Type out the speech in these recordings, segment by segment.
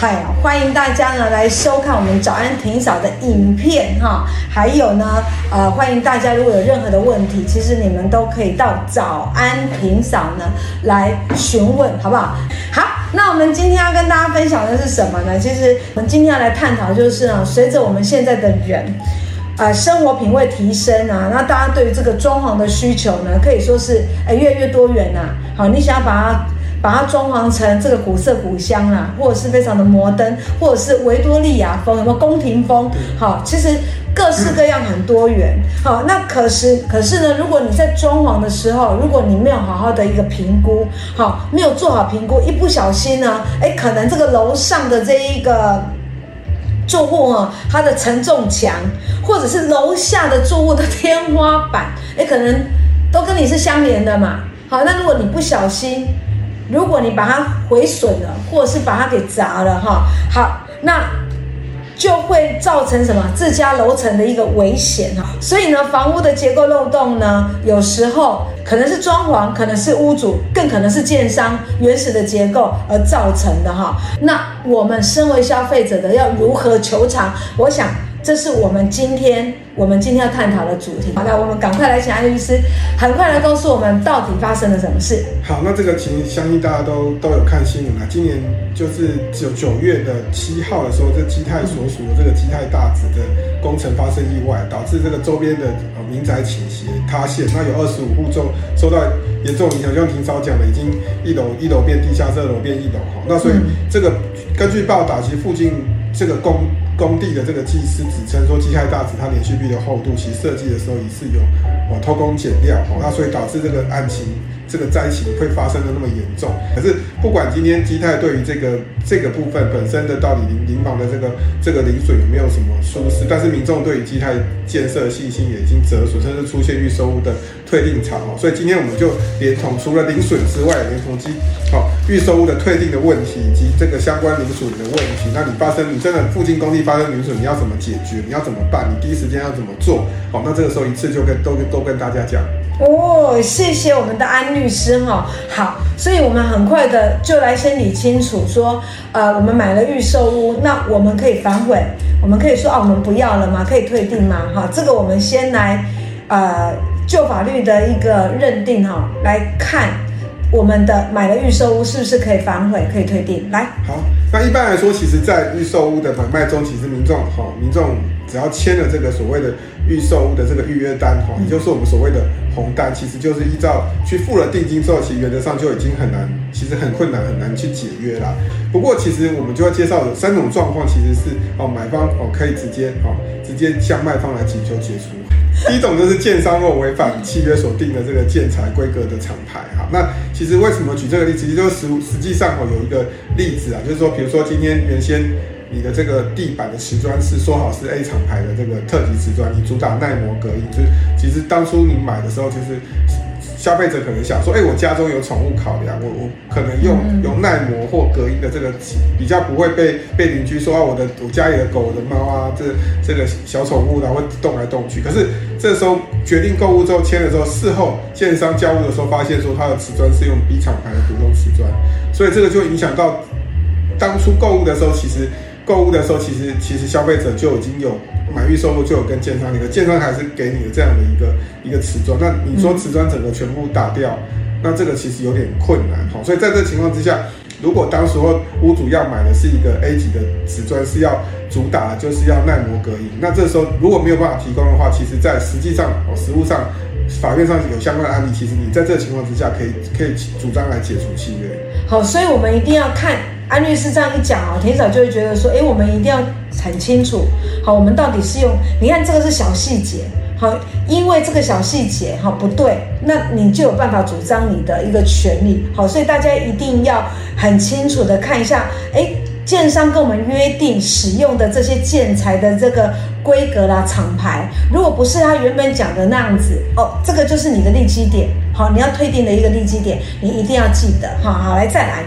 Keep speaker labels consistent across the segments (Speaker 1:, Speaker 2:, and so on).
Speaker 1: 嗨，歡迎大家呢來收看我們找安霆嫂的影片哈，還有呢，呃，歡迎大家如果有任何的問題，其實你們都可以到找安霆嫂呢來詢問，好不好？好，那我們今天要跟大家分享的是什麼呢？其實我們今天要來探討就是呢，隨着我們現在的人啊、呃、生活品味提升啊，那大家對於這個裝潢的需求呢，可以說是誒越來越多元吶、啊。好，你想要把它。把它裝潢成這個古色古香啊，或者是非常的摩登，或者是維多利亞風，什麼宮廷風，好，其實各式各樣很多元。好，那可是可是呢，如果你在裝潢的時候，如果你沒有好好的一個評估，好，沒有做好評估，一不小心呢，哎、欸，可能這個樓上的這一個住戶啊，它的承重牆，或者是樓下的住戶的天花板，哎、欸，可能都跟你是相連的嘛。好，那如果你不小心。如果你把它毀損了，或者是把它給砸了，哈，好，那就會造成什麼自家樓層的一個危險，哈。所以呢，房屋的結構漏洞呢，有時候可能是裝潢，可能是屋主，更可能是建商原始的結構而造成的，哈。那我們身為消費者的要如何求償？我想。這是我們今天我們今天要探討的主題。好的，我們趕快來請安律師，很快來告訴我們到底發生了什
Speaker 2: 麼事。好，那這個其實相信大家都都有看新聞了。今年就是九九月的七號的時候，這基泰所屬的這個基泰大直的工程發生意外，嗯、導致這個周邊的、呃、民宅傾斜塌陷。那有二十五戶受受到嚴重影響，就像霆嫂講的，已經一樓一樓變地下室，二樓變一樓。哈，那所以這個、嗯、根據報道其實附近這個工。工地的這個技師只稱說，基泰大直它連續壁的厚度，其實設計的時候也是有。哦、偷工減料，哦，那所以導致這個案情，這個災情會發生的那麼嚴重。可是不管今天基泰對於這個這個部分本身的到底鄰，鄰房的這個這個鄰損有沒有什麼疏失，但是民眾對於基泰建設信心也已經折損，甚至出現預售屋的退訂潮哦。所以今天我們就連同除了鄰損之外，連同基好預售屋的退訂的問題以及這個相關鄰損的問題，那你發生你真的附近工地發生鄰損，你要怎麼解決？你要怎麼辦？你第一時間要怎麼做？哦，那這個時候一次就跟都跟都。
Speaker 1: 我跟大家講哦，謝謝我們的安律師哈。好，所以我們很快的就來先理清楚說，說呃，我們買了預售屋，那我們可以反悔，我們可以說啊、哦，我們不要了嗎？可以退訂嗎？哈，這個我們先來呃，就法律的一個認定哈來看。我們的買了預售屋是不是可以反悔，可以
Speaker 2: 退訂？來，好，那一般來說，其實，在預售屋的買賣中，其實民眾哈、哦，民眾只要簽了這個所謂的預售屋的這個預約單哈、哦，也就是我們所謂的紅單，其實就是依照去付了定金之後，其實原則上就已經很難，其實很困難，很難去解約啦。不過，其實我們就要介紹有三種狀況，其實是哦，買方哦可以直接哦直接向賣方來請求解除。 第一種就是建商或違反契約所定的這個建材規格的廠牌，哈，那其實為什麼舉這個例子？其實就實實際上哦有一個例子啊，就是說，比如說今天原先你的這個地板的瓷磚是說好是 A 廠牌的這個特級瓷磚，你主打耐磨隔音，就其實當初你買的時候就是。消費者可能想說：“哎、欸，我家中有寵物，考量，我我可能用、嗯、用耐磨或隔音的這個，比較不會被被鄰居說啊，我的我家裡的狗我的貓啊，這個、這個小寵物然後會動來動去。可是這時候決定購物之後簽的時候，事後建商交屋的時候發現說它的瓷磚是用 B 廠牌的普通瓷磚，所以這個就影響到當初購物的時候，其實。”購屋的時候，其實其實消費者就已經有買預售屋，就有跟建商一個建商還是給你的這樣的一個一個瓷磚。那你說瓷磚整個全部打掉、嗯，那這個其實有點困難。哦、所以在這個情況之下，如果當時候屋主要買的是一個 A 級的瓷磚，是要主打的就是要耐磨隔音。那這時候如果沒有辦法提供的話，其實，在實際上、哦、實務上法院上有相關的案例，其實你在這個情況之下可以可以主張來解除契約。
Speaker 1: 好，所以我們一定要看。安律師這樣一講哦，霆嫂就會覺得說，誒、欸，我們一定要很清楚，好，我們到底是用，你看這個是小細節，好，因為這個小細節哈不對，那你就有辦法主張你的一個權利，好，所以大家一定要很清楚的看一下，誒、欸，建商跟我們約定使用的這些建材的這個規格啦、廠牌，如果不是他原本講的那樣子哦，這個就是你的立基點，好，你要退訂的一個立基點，你一定要記得，好好來再來。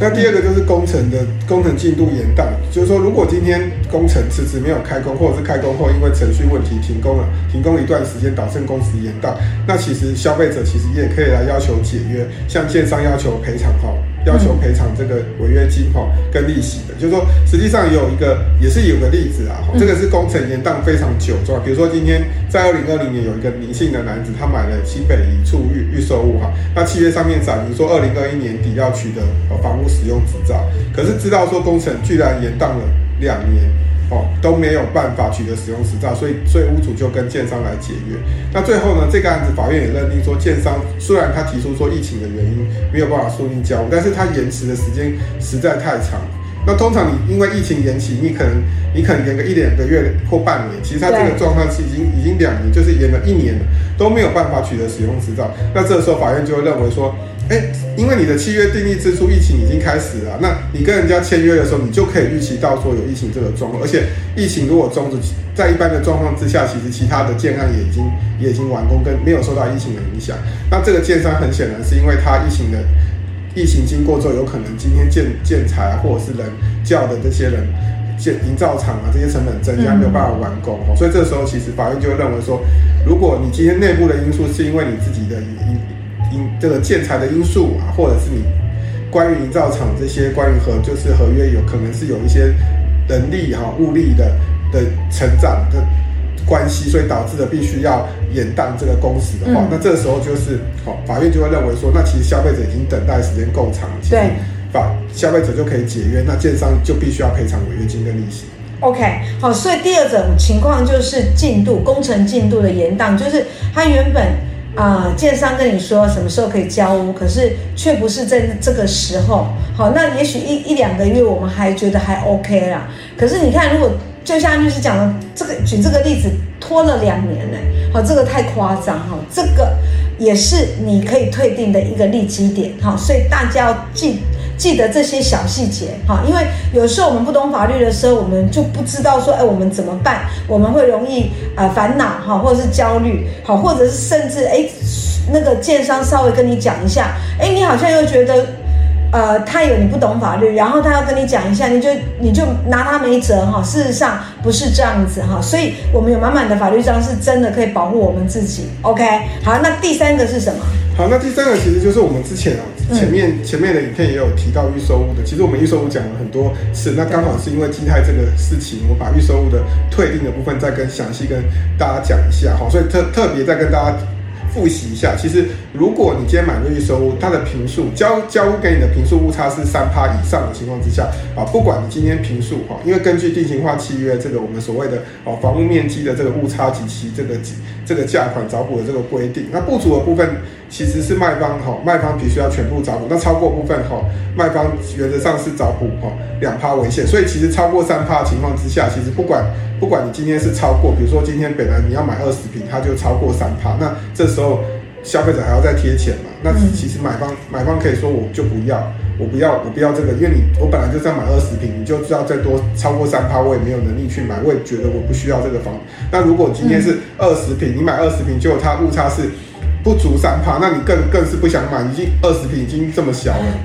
Speaker 2: 那第二個就是工程的工程進度延宕，就是說如果今天工程遲遲沒有開工，或者是開工後因為程序問題停工了，停工一段時間導致工程延宕，那其實消費者其實也可以來要求解約，向建商要求賠償哈。要求賠償這個違約金哈，跟利息的，就是說實際上有一個也是有個例子啊，這個是工程延宕，非常久，對吧？比如說今天在二零二零年有一個宜姓的男子，他買了新北一處預預售屋哈，那契約上面載明說二零二一年底要取得房屋使用執照，可是知道說工程居然延宕了兩年。哦，都沒有辦法取得使用執照，所以所以屋主就跟建商來解約。那最後呢，這個案子法院也認定說，建商雖然他提出說疫情的原因沒有辦法說明交付，但是他延遲的時間實在太長。那通常你因為疫情延期，你可能你可能延個一兩個月或半年，其實他這個狀況是已經已經兩年，就是延了一年了，都沒有辦法取得使用執照。那這個時候法院就會認為說，哎。因為你的契約訂立之初，疫情已經開始了。那你跟人家簽約的時候，你就可以預期到說有疫情這個狀況，而且疫情如果終止，在一般的狀況之下，其實其他的建案也已經也已經完工，跟沒有受到疫情的影響。那這個建商很顯然是因為他疫情的疫情經過之後，有可能今天建建材啊，或者是人叫的這些人建營造廠啊，這些成本增加沒有辦法完工哦、嗯。所以這時候其實法院就認為說，如果你今天內部的因素是因為你自己的原因。這個建材的因素啊，或者是你關於營造廠這些關於合，就是合約有可能是有一些人力哈、哦、物力的的成長的關係，所以導致的必須要延宕這個工時的話，嗯、那這時候就是法院就會認為說，那其實消費者已經等待時間夠長，對，法消費者就可以解約，那建商就必須要賠償違約金跟利息。
Speaker 1: OK，好，所以第二種情況就是進度工程進度的延宕，就是他原本。啊，建商跟你說什麼時候可以交屋，可是卻不是在這個時候。好，那也許一一兩個月我們還覺得還 OK 啦。可是你看，如果就像律師講的，這個舉這個例子，拖了兩年呢、欸，好，這個太誇張哈。這個也是你可以退定的一個利基點。好，所以大家要記得。記得這些小細節哈，因為有時候我們不懂法律的時候，我們就不知道說，哎，我們怎麼辦？我們會容易呃煩惱哈，或者是焦慮，好，或者是甚至哎，那個建商稍微跟你講一下，哎，你好像又覺得，呃，他有你不懂法律，然後他要跟你講一下，你就你就拿他沒轍哈。事實上不是這樣子哈，所以我們有滿滿的法律知識是真的可以保護我們自己。OK，好，那第三個是什麼？
Speaker 2: 好，那第三個其實就是我們之前啊，前面前面的影片也有提到預售屋的，嗯。其實我們預售屋講了很多次，那剛好是因為基泰這個事情，我把預售屋的退訂的部分再跟詳細跟大家講一下哈，所以特特別再跟大家複習一下。其實如果你今天買個預售屋，它的坪數交交給你的坪數誤差是三趴以上的情況之下啊，不管你今天坪數，哈，因為根據定型化契約，這個我們所謂的哦房屋面積的這個誤差及其這個這個價款找補的這個規定，那不足的部分其實是賣方哈，賣方必須要全部找補。那超過部分哈，賣方原則上是找補哈，兩趴為限。所以其實超過三趴的情況之下，其實不管不管你今天是超過，比如說今天本來你要買二十坪，它就超過三趴，那這時候。消費者還要再貼錢嘛？那其實買方、嗯、買方可以說我就不要，我不要，我不要這個，因為你我本來就在買二十坪，你就知道再多超過三趴，我也沒有能力去買，我也覺得我不需要這個房。那如果今天是二十坪、嗯，你買二十坪就它誤差是不足三趴，那你更更是不想買，已經二十坪，已經這麼小了，啊、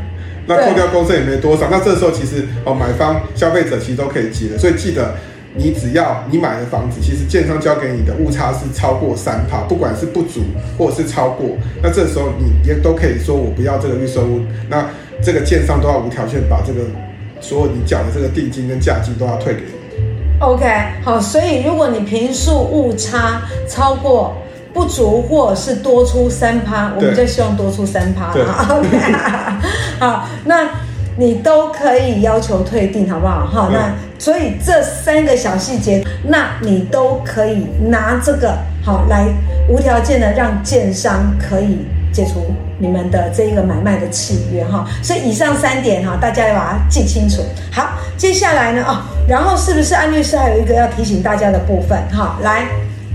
Speaker 2: 那扣掉公司也沒多少。那這個時候其實哦，買方消費者其實都可以接的，所以記得。你只要你買的房子，其實建商交給你的誤差是超過三趴，不管是不足或者是超過，那這時候你也都可以說我不要這個預售屋。那這個建商都要無條件把這個所有你繳的這個定金跟價金都要退給你。
Speaker 1: OK，好，所以如果你平數誤差超過不足或是多出三趴，我們就希望多出三趴 OK，好，那你都可以要求退定，好不好？好。那，嗯所以這三個小細節，那你都可以拿這個好來無條件的讓建商可以解除你們的這一個買賣的契約哈。所以以上三點哈，大家要把它記清楚。好，接下來呢，哦，然後是不是安律師還有一個要提醒大家的部分哈？來，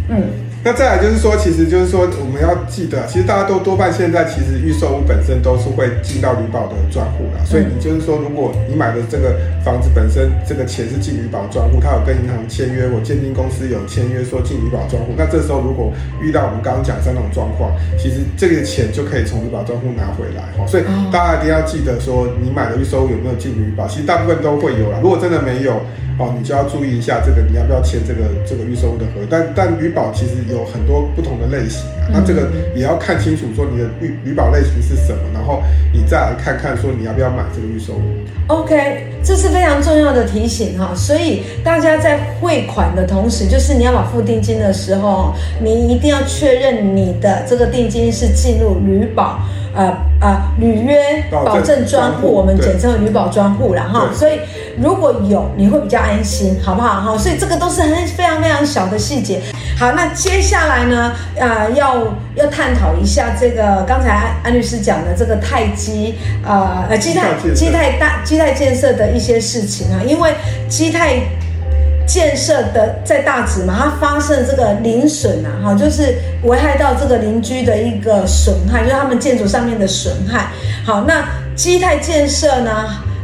Speaker 1: 嗯。
Speaker 2: 那再來就是說，其實就是說，我們要記得，其實大家都多半現在其實預售屋本身都是會進到履保的專戶啦。所以你就是說，如果你買的這個房子本身這個錢是進履保專戶，它有跟銀行簽約，或鑑定公司有簽約說進履保專戶，那這時候如果遇到我們剛剛講三種狀況，其實這個錢就可以從履保專戶拿回來哈，所以大家一定要記得說你買的預售屋有沒有進履保，其實大部分都會有啦。如果真的沒有。哦，你就要注意一下這個，你要不要簽這個這個預售屋的合同？但但履保其實有很多不同的類型、啊，那、嗯、這個也要看清楚，說你的預、履保類型是什麼，然後你再來看看說你要不要買這個預售屋。
Speaker 1: OK，這是非常重要的提醒哈、哦，所以大家在匯款的同時，就是你要把付定金的時候，你一定要確認你的這個定金是進入履保。呃呃，履、呃、約保證專戶，專戶，我們簡稱履保專戶了哈，所以如果有你會比較安心，好不好哈？所以這個都是很非常非常小的細節。好，那接下來呢，呃，要要探討一下這個剛才安安律師講的這個泰、呃、基呃呃基泰基泰大基泰建設的一些事情啊，因為基泰。建設的在大直嘛，它發生這個鄰損吶，哈，就是危害到這個鄰居的一個損害，就是他們建築上面的損害。好，那基泰建設呢，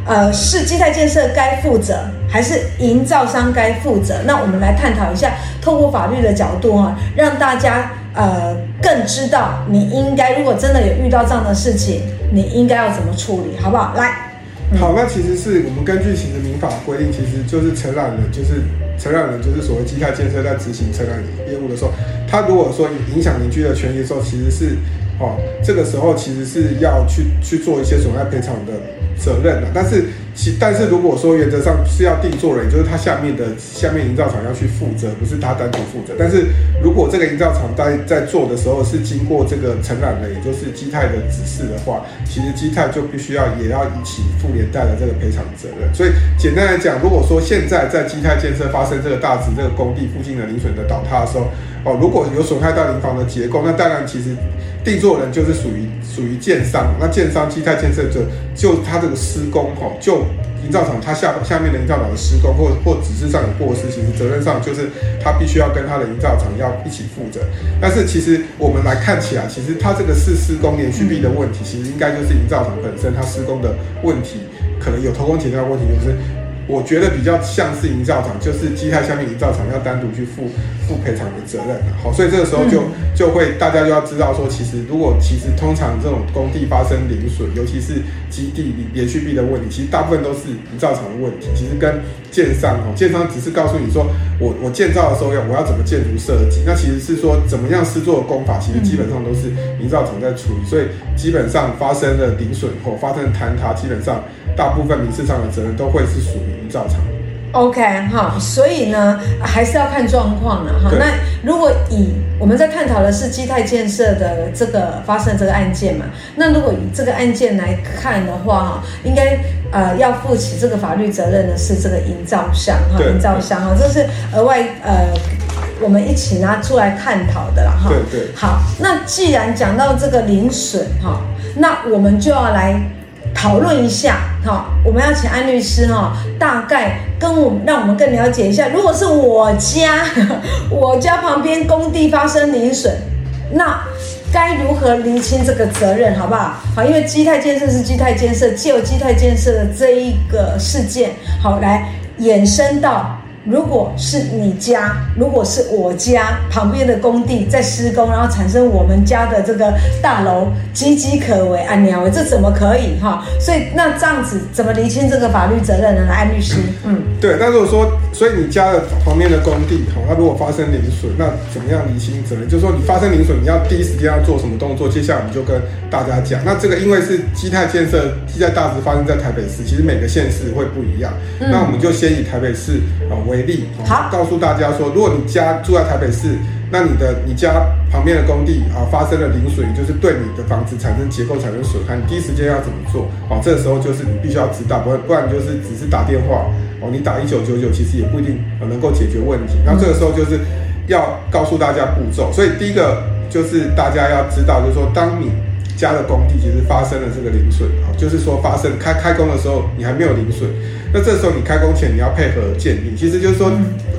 Speaker 1: 呃，是基泰建設該負責，還是營造商該負責？那我們來探討一下，透過法律的角度啊，讓大家呃更知道，你應該如果真的有遇到這樣的事情，你應該要怎麼處理，好不好？來。
Speaker 2: 嗯、好，那其實是我們根據行政民法規定，其實就是承攬人，就是承攬人，就是所謂基泰建設在執行承攬業務的時候，他如果說影響鄰居的權益的時候，其實是，哦，這個時候其實是要去去做一些損害賠償的責任的，但是。其但是如果說原則上是要定做人，就是他下面的下面營造廠要去負責，不是他單獨負責。但是如果這個營造廠在在做的時候是經過這個承攬的，也就是基泰的指示的話，其實基泰就必須要也要一起負連帶的這個賠償責任。所以簡單來講，如果說現在在基泰建設發生這個大直這個工地附近的鄰損的倒塌的時候，哦，如果有損害到鄰房的結構，那當然其實。定作人就是屬於屬於建商，那建商、基泰建設者，就他這個施工吼，就營造廠他下下面的營造廠的施工，或或指示上有過失，其實責任上就是他必須要跟他的營造廠要一起負責。但是其實我們來看起來，其實他這個是施工連續壁的問題，嗯、其實應該就是營造廠本身他施工的問題，可能有偷工減料問題，就是。我覺得比較像是營造廠，就是基泰下面營造廠要單獨去負負賠償的責任、啊。好，所以這個時候就、嗯、就會大家就要知道說，其實如果其實通常這種工地發生鄰損，尤其是基地連續壁的問題，其實大部分都是營造廠的問題。其實跟建商哦，建商只是告訴你說我我建造的時候要我要怎麼建築設計，那其實是說怎麼樣施作的工法，其實基本上都是營造廠在處理，所以基本上發生了鄰損哦，發生坍塌，基本上。大部分民事上的責任都會是屬於營造廠。
Speaker 1: OK 哈，所以呢，還是要看狀況了哈。那如果以我們在探討的是基泰建設的這個發生的這個案件嘛，那如果以這個案件來看的話哈，應該呃要負起這個法律責任的是這個營造商哈，營造商哈，這是額外呃我們一起拿出來探討的啦哈。對對,對。好，那既然講到這個鄰損，哈，那我們就要來。討論一下，好，我們要請安律師，哈，大概跟我，讓我們更了解一下，如果是我家，我家旁邊工地發生鄰損，那該如何釐清這個責任，好不好？好，因為基泰建設是基泰建設，既有基泰建設的這一個事件，好來衍生到。如果是你家，如果是我家旁邊的工地在施工，然後產生我們家的這個大樓岌岌可危啊，你啊，這怎麼可以哈？所以那這樣子怎麼釐清這個法律責任呢？安律師，嗯，
Speaker 2: 對。那如果說，所以你家的旁邊的工地好，那如果發生鄰損，那怎麼樣釐清責任？就是說你發生鄰損，你要第一時間要做什麼動作？接下來我們就跟大家講。那這個因為是基泰建設，基泰大直發生在台北市，其實每個縣市會不一樣。嗯、那我們就先以台北市啊。哦為例，好、嗯，告訴大家說，如果你家住在台北市，那你的你家旁邊的工地啊發生了鄰損，就是對你的房子產生結構產生損害，你第一時間要怎麼做？哦、啊，這個時候就是你必須要知道，不然不然就是只是打電話哦、啊，你打一九九九，其實也不一定、呃、能夠解決問題。那這個時候就是要告訴大家步驟，所以第一個就是大家要知道，就是說當你。家的工地其實發生了這個鄰損啊，就是說，發生開開工的時候你還沒有鄰損。那這時候你開工前，你要配合鑑定。其實就是說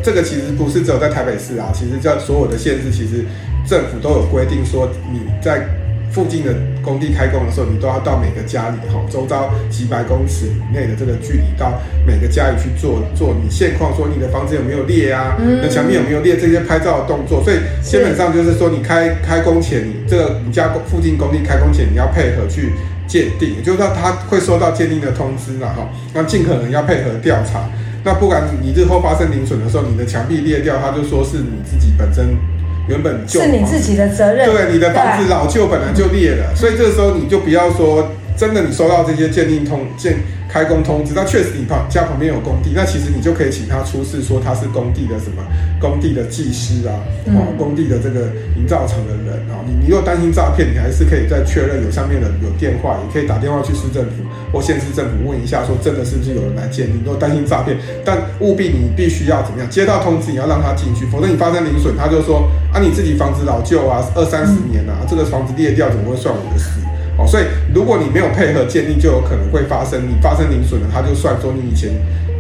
Speaker 2: 這個其實不是只有在台北市啊，其實在所有的縣市其實政府都有規定說你在附近的工地開工的時候，你都要到每個家裡哈，周遭幾百公尺以內的這個距離到每個家裡去做做你現況，說你的房子有沒有裂啊，那、嗯嗯、牆壁有沒有裂這些拍照的動作。所以基本上就是說，你開開工前，你這個你家附近工地開工前，你要配合去鑑定，也就是說他會收到鑑定的通知了哈，那盡可能要配合調查。那不管你日後發生鄰損的時候，你的牆壁裂掉，他就說是你自己本身。原本就是你自己的責任。對，你的房子老舊本來就裂了，啊、所以這時候你就不要說。真的，你收到這些鑑定通、鑑開工通知，那確實你旁家旁邊有工地，那其實你就可以請他出示，說他是工地的什麼工地的技師啊，啊工地的這個營造廠的人啊。你你若擔心詐騙，你還是可以再確認有上面的，有電話，也可以打電話去市政府或縣市政府問一下，說真的是不是有人來鑑定。若、嗯、擔心詐騙，但務必你必須要怎麼樣？接到通知你要讓他進去，否則你發生鄰損，他就說啊你自己房子老舊啊，二三十年了，啊嗯，這個房子裂掉怎麼會算我的事？所以，如果你沒有配合鑑定，就有可能會發生你發生鄰損的，他就算說你以前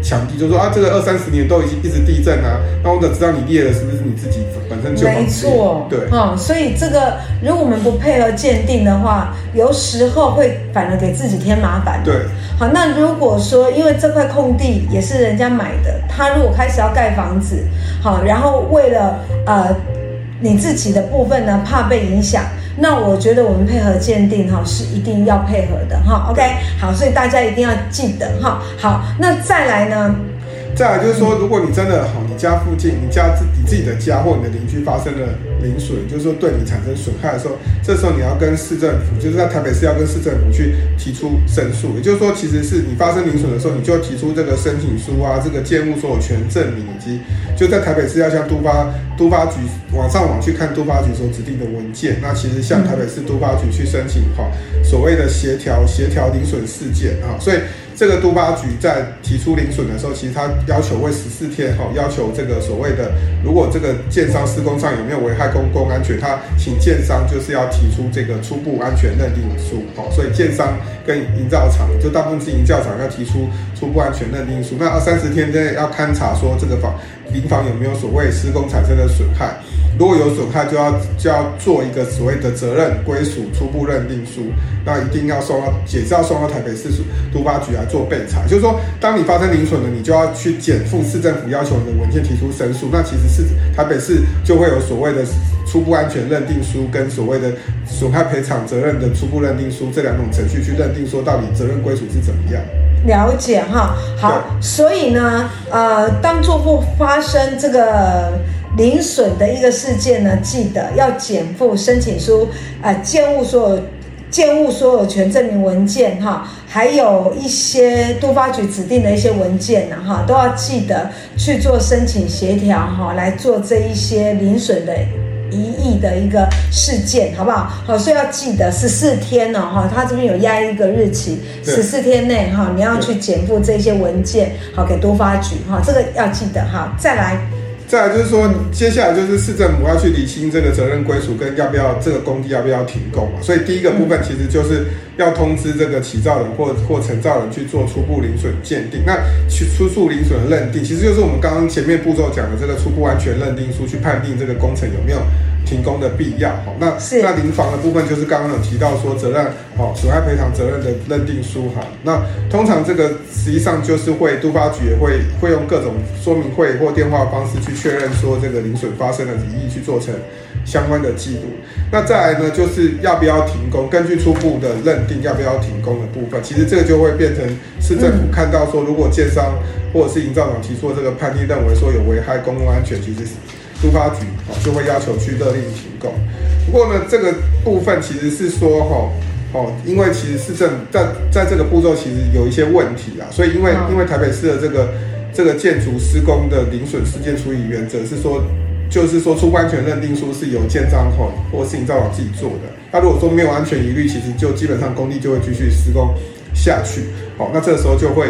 Speaker 2: 牆壁，就說啊，這個二三十年都已經一直地震啊，那我怎知道你裂了是不是你自己本身就沒錯？對啊、
Speaker 1: 哦，所以這個如果我們不配合鑑定的話，有時候會反而給自己添麻煩。對，好，那如果說，因為這塊空地也是人家買的，他如果開始要蓋房子，好，然後為了呃你自己的部分呢，怕被影響。那我覺得我們配合鑑定哈，是一定要配合的哈，OK，好，所以大家一定要記得哈，好，那再來呢？再來
Speaker 2: 就是說，如果你真的。家附近，你家自你自己的家或你的鄰居發生了鄰損，就是說對你產生損害的時候，這時候你要跟市政府，就是在台北市要跟市政府去提出申訴。也就是說，其實是你發生鄰損的時候，你就提出這個申請書啊，這個建物所有權證明，以及就在台北市要向都發都發局網上網去看都發局所指定的文件。那其實向台北市都發局去申請哈，所謂的協調協調鄰損事件啊，所以。這個都巴局在提出鄰損的時候，其實他要求為十四天哈、哦，要求這個所謂的，如果這個建商施工上有沒有危害公共安全，他請建商就是要提出這個初步安全認定書哈、哦，所以建商跟營造廠就大部分是營造廠要提出初步安全認定書，那二三十天內要勘察說，這個房鄰房有沒有所謂施工產生的損害。如果有損害，就要就要做一個所謂的責任歸屬初步認定書，那一定要送到，也是要送到台北市都發局來做備查。就是說，當你發生鄰損了，你就要去檢附市政府要求你的文件，提出申訴。那其實是台北市就會有所謂的初步安全認定書，跟所謂的損害賠償責任的初步認定書，這兩種程序去認定說到底責任歸屬是怎麼樣。
Speaker 1: 了解哈，好。所以呢，呃，當事故發生這個。鄰損的一個事件呢，記得要檢附申請書，呃，建物所有建物所有權證明文件哈、哦，還有一些都發局指定的一些文件呢哈、哦，都要記得去做申請協調哈，來做這一些鄰損的疑義的一個事件，好不好？好、哦，所以要記得十四天呢，哈、哦，它這邊有押一個日期，十四天內哈、哦，你要去檢附這些文件，好給都發局哈、哦，這個要記得哈、哦，再來。
Speaker 2: 再來就是說，接下來就是市政府要去釐清這個責任歸屬，跟要不要這個工地要不要停工嘛。所以第一個部分其實就是要通知這個起造人或或承造人去做初步鄰損鑑定。那去初步鄰損的認定，其實就是我們剛剛前面步驟講的這個初步安全認定書，去判定這個工程有沒有。停工的必要哈，那那鄰房的部分就是剛剛有提到說責任哦損害賠償責任的認定書哈，那通常這個實際上就是會都發局也會會用各種說明會或電話方式去確認說這個鄰損發生的疑義去做成相關的記錄，嗯。那再來呢，就是要不要停工？根據初步的認定要不要停工的部分，其實這個就會變成市政府看到說如果建商、嗯、或者是營造廠提出這個判例，認為說有危害公共安全局是，其實。出發局啊、喔，就會要求去勒令停工。不過呢，這個部分其實是說，哈、喔，哦、喔，因為其實市政在在這個步驟其實有一些問題啊，所以因為、嗯、因為台北市的這個這個建築施工的鄰損事件處理原則是說，就是說出安全認定書是由建商吼、喔、或是營造廠自己做的。那、啊、如果說沒有安全疑慮，其實就基本上工地就會繼續施工下去。好、喔，那這個時候就會。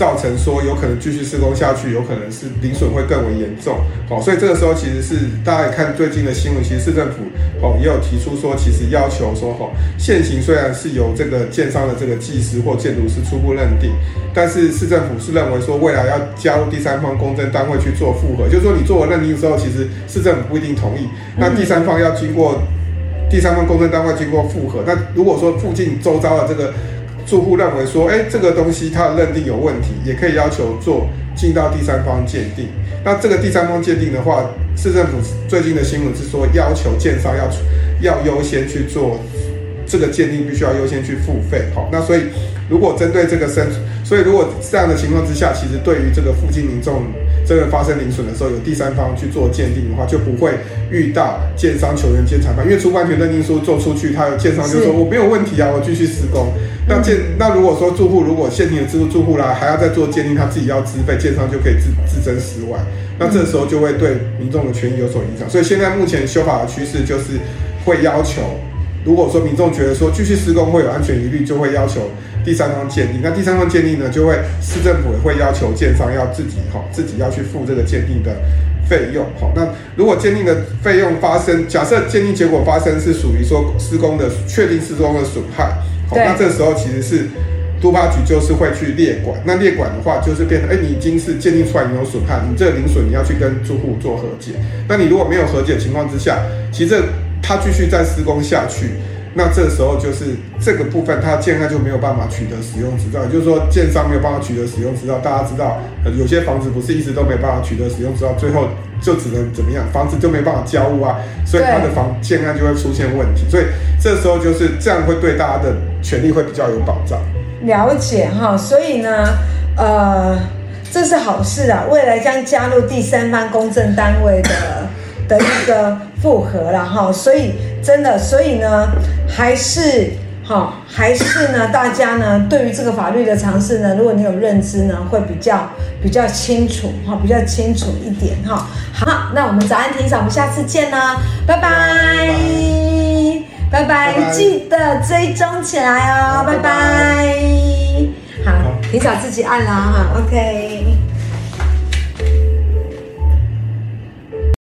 Speaker 2: 造成說有可能繼續施工下去，有可能是鄰損會更為嚴重。好、哦，所以這個時候其實是大家也看最近的新聞，其實市政府哦也有提出說，其實要求說，哦，現行雖然是由這個建商的這個技師或建築師初步認定，但是市政府是認為說未來要加入第三方公證單位去做複核，就是說你做了認定之後，其實市政府不一定同意。那第三方要經過、嗯、第三方公證單位經過複核，那如果說附近周遭的這個。住戶認為說，誒、欸，這個東西它的認定有問題，也可以要求做進到第三方鑑定。那這個第三方鑑定的話，市政府最近的新聞是說，要求建商要要優先去做這個鑑定，必須要優先去付費。好，那所以如果針對這個損，所以如果這樣的情況之下，其實對於這個附近民眾，真的發生鄰損的時候，有第三方去做鑑定的話，就不會遇到建商球員兼裁判。因為出完全認定書做出去，他有建商就說我沒有問題啊，我繼續施工。那建，那如果說住戶如果限定的支付住戶啦，還要再做鑑定，他自己要自費，建商就可以自自增十萬。那這時候就會對民眾的權益有所影響。所以現在目前修法的趨勢就是會要求，如果說民眾覺得說繼續施工會有安全疑慮，就會要求第三方鑑定。那第三方鑑定呢，就會市政府也會要求建商要自己哈、哦、自己要去付這個鑑定的費用哈、哦。那如果鑑定的費用發生，假設鑑定結果發生是屬於說施工的確定施工的損害。哦、那這時候其實是，都發局就是會去列管，那列管的話就是變成，哎、欸，你已經是鑑定出來你有損害，你這個鄰損你要去跟住戶做和解。那你如果沒有和解的情況之下，其實他繼續再施工下去，那這時候就是這個部分他建案就沒有辦法取得使用執照，也就是說建商沒有辦法取得使用執照。大家知道、呃、有些房子不是一直都沒辦法取得使用執照，最後就只能怎麼樣，房子就沒辦法交屋啊。所以他的房建案就會出現問題。所以這時候就是這樣會對大家的。權利會比較有保障，
Speaker 1: 了解哈、哦，所以呢，呃，這是好事啊，未來將加入第三方公證單位的的一個複核了哈，所以真的，所以呢，還是哈、哦，還是呢，大家呢，對於這個法律的嘗試呢，如果你有認知呢，會比較比較清楚哈、哦，比較清楚一點哈、哦，好，那我們找安霆嫂，我們下次見啦，拜拜。拜拜拜拜，記得追蹤起來哦，拜拜，拜拜，好，好。好，你找自己按了哈，嗯，OK。